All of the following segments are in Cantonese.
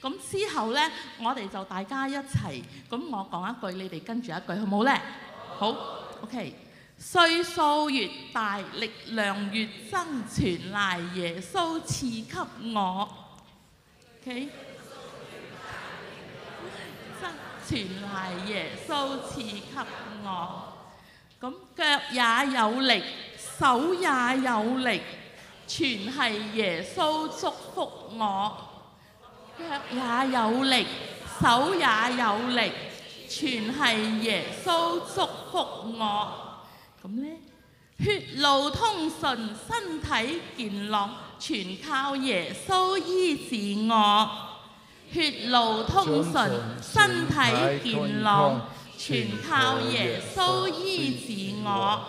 咁之後呢，我哋就大家一齊，咁我講一句，你哋跟住一句，好唔好咧？好，OK。歲數越大，力量越增，全賴耶穌賜給我。OK。增，全賴耶穌賜給我。咁腳也有力，手也有力，全係耶穌祝福我。腳也有力，手也有力，全係耶穌祝福我。咁呢，血路通順，身體健朗，全靠耶穌醫治我。血路通順，身體健朗，全靠耶穌醫治我。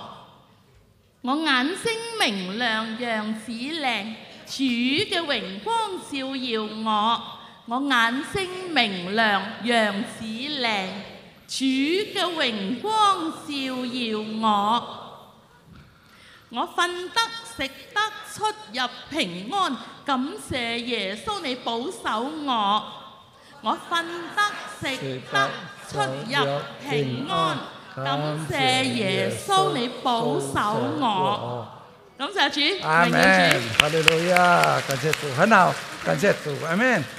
我眼睛明亮，樣子靚，主嘅榮光照耀我。我眼睛明亮，樣子靚，主嘅榮光照耀我。我瞓得食得，出入平安，感謝耶穌你保守我。我瞓得食得，出入平安，感謝耶穌你保守我。感謝主，榮耀主。阿門。哈利路亞。感謝主，阿門。感謝主，阿門。